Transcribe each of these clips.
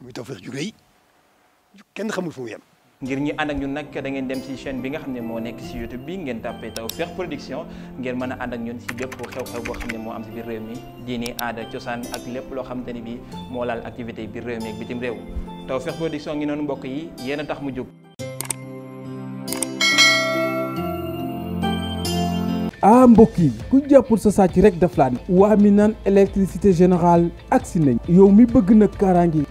muy Tawfekh ju kenn xamul foofu mu ngir ñi ànd ak ñun nag da ngeen dem ci chaîne bi nga xam ne moo nekk ci YouTube bi ngeen tàppee Tawfekh Production ngeen mën a ànd ak ñun ci bépp xew-xew boo xam ne moo am ci biir réew mi diini aada cosaan ak lépp loo xamante ni bi moo laal activité biir réew mi ak bitim réew Tawfekh Production ngi noonu mbokk yi yéen a tax mu jóg. ah yi ku jàppul sa sàcc rek daf laa ne waa mi naan électricité générale agsi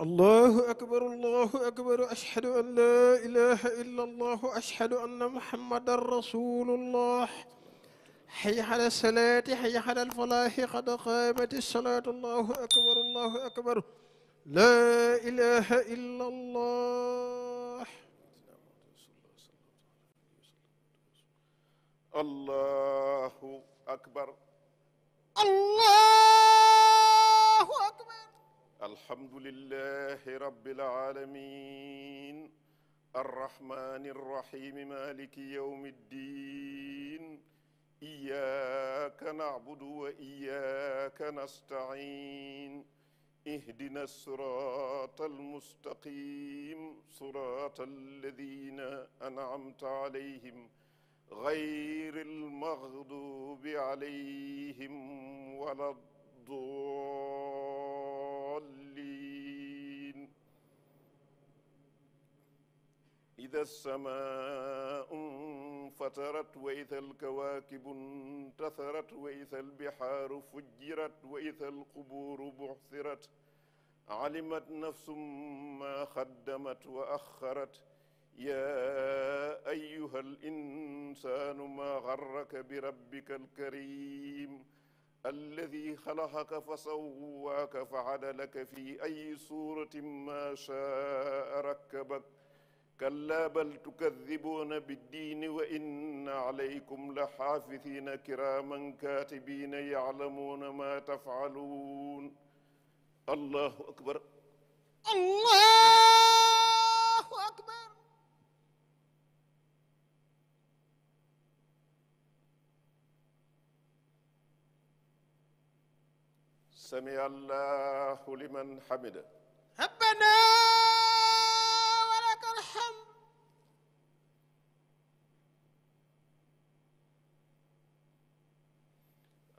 allahu akbar allahu akbar ashhadu an laa ilaha illa allah ashhadu anna muhammadan rasulullah hayya ala salaati hayya ala alfalaahi qad qaamati salaatu allahu akbar allahu akbar laa ilaha illa allah allahu akbar allahu akbar alhamdulillahi rabbil aalamiin arrahmaani rrahiim maaliki yawmi ddiin iyyaaka na'budu wa iyyaaka nasta'iin ihdina siraata almustaqiim siraata alladiina an'amta alayhim ghayri almaghduubi alayhim wala ddoon إذا السماء انفطرت وإذا الكواكب انتثرت وإذا البحار فجرت وإذا القبور بعثرت علمت نفس ما قدمت وأخرت يا أيها الإنسان ما غرك بربك الكريم الذي خلقك فسواك فعدلك في أي صورة ما شاء ركبك كلا بل تكذبون بالدين وإن عليكم لحافظين كراما كاتبين يعلمون ما تفعلون الله أكبر الله أكبر سمع الله لمن حمده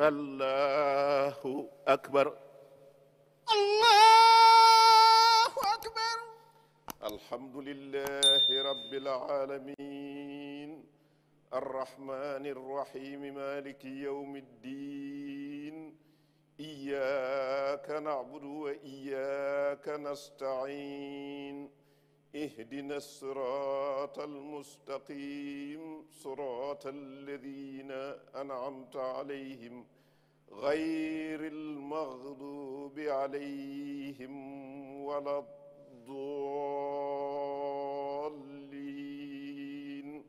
allahu akbar allahu akbar alhamdulillahi rabbil alamin الرحمن الرحيم مالك يوم الدين إياك نعبد وإياك نستعين اهدنا الصراط المستقيم صراط الذين أنعمت عليهم غير المغضوب عليهم ولا الضالين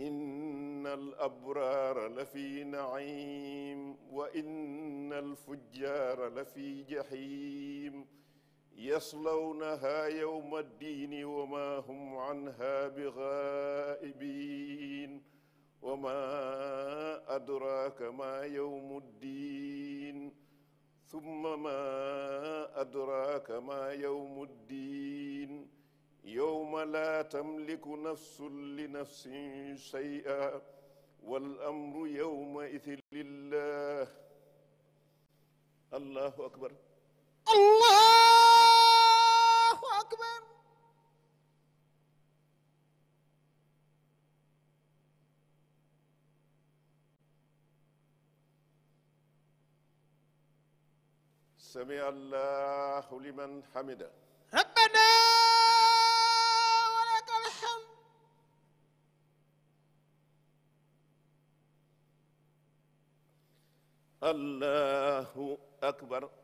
إن الأبرار لفي نعيم وإن الفجار لفي جحيم yaslawnaha yawma ddiini wa ma hum anha bi gaa'ibiin wa ma adraaka ma yawmu ddiin summa ma adraaka ma yawmu ddiin yawma laa tamliku nafsun li nafsin shay'an wal amru yawma'idhin lillaah. Allaahu akbar. Allah. أكبر سمع الله لمن حمده ربنا ولك الحمد الله أكبر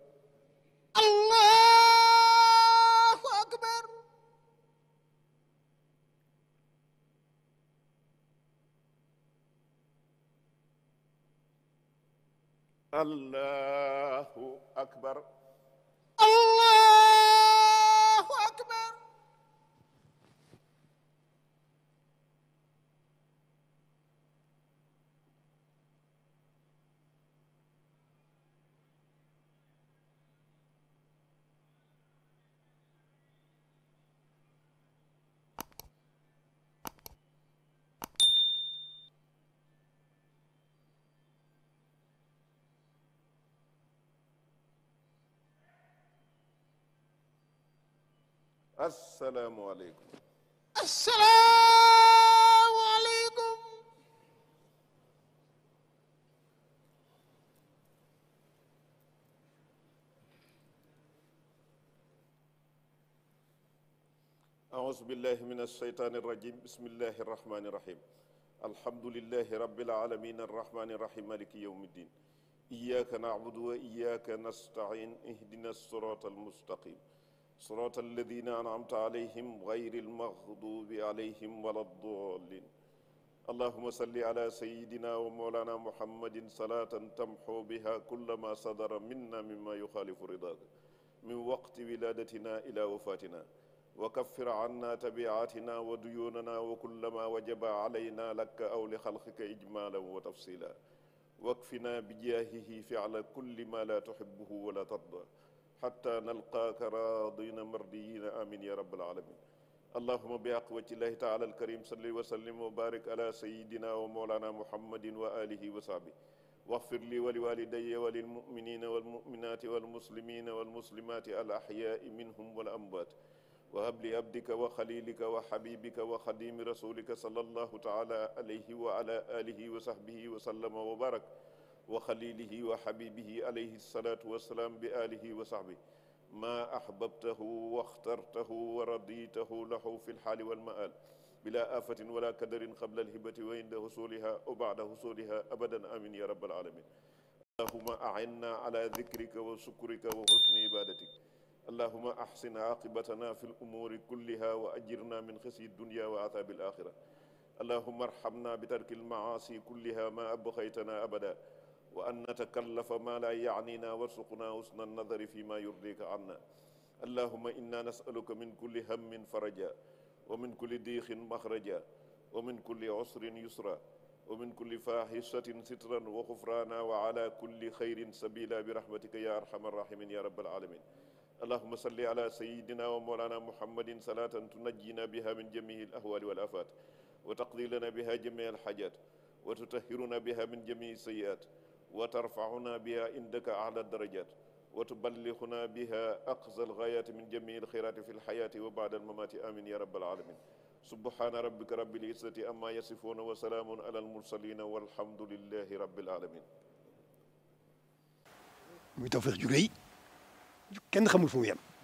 allahu akbar asalaamualeykum. asalaamualeykum. auzu billahi min alsheytaani irrajim bismillahi irrahmani irrahim alhamdulilahi rabilalamin arrahmani irrahim maliki yowm ddin iyaka nacbudu wa iyaka nastain ihdina sirata almustaqim صراط الذين أنعمت عليهم غير المغضوب عليهم ولا الضالين اللهم صل على سيدنا ومولانا محمد صلاة تمحو بها كل ما صدر منا مما يخالف رضاك من وقت ولادتنا إلى وفاتنا وكفر عنا تبعاتنا وديوننا وكل ما وجب علينا لك أو لخلقك إجمالا وتفصيلا واكفنا بجاهه فعل كل ما لا تحبه ولا ترضى xatta nalqaaka raadina mardiyina amin ya rabbal alamin allahuma bi aqwatillahi taala alkarim salli wa sallim wa barik ala sayidina wa moolana muhammadin wa alihi wa sahbi waxfir li wa liwalidaya wa lilmuminina walmuminati walmuslimina walmuslimati alaxyaai minhum walamwaat wa habli abdika wa xalilika wa xabibika wa xadimi rasulika sal allahu taala alayhi wa ala alihi wa sahbihi wa sallama wa barak wa xalilihi wa xabibihi alayhi salaatu wassalaam bi alihi wa saxbi maa ahbabtahu wa axtartahu wa raditahu lahu fi lxaali walmaal bila afatin wala kadarin qabla alhibati wa inda husuliha wa bada husuliha abadan amin ya rabbal alamin allahuma ainna ala dikrika wa sukrika wa husni ibadatik allahuma ahsin aqibatana fi lumuri kulliha wa ajirna min xisyi dunya wa athaabi alaxira allahuma arhamna bi tarki almaasi kulliha ma abxaytana abada wa an natakallafa ma laa yaaniinaa warsuqnaa husna nadari fi ma yurdika anna allahuma inna nasaluka min kulli hammin faraja wa min kulli diixin maxraja wa min kulli usrin yusra wa min kulli faahishatin sitran wa xufraana wa ala kulli xayrin sabila bi rahmatika ya arhama arrahimin ya rabbal alamin allahuma salli ala sayidina wa mawlana muhammadin salaatan tunajjina biha min jamihi alahwaali wal afaat wa taqdi lana biha jamii alxaajat wa tutahhiruna biha min jamii sayiat wa tarfauna biha indaka ala darajat wa tuballighuna biha aqsa alghayati min jamii alxiraati fi lxayaati wa baada almamaati amin ya rabbal alamin subhaana rabbika rabbil izzati amma yasifuuna wa salaamun ala almursalina walhamdulillahi rabbil alamin muy tawfeex ju rëy kenn xamul fu mu yem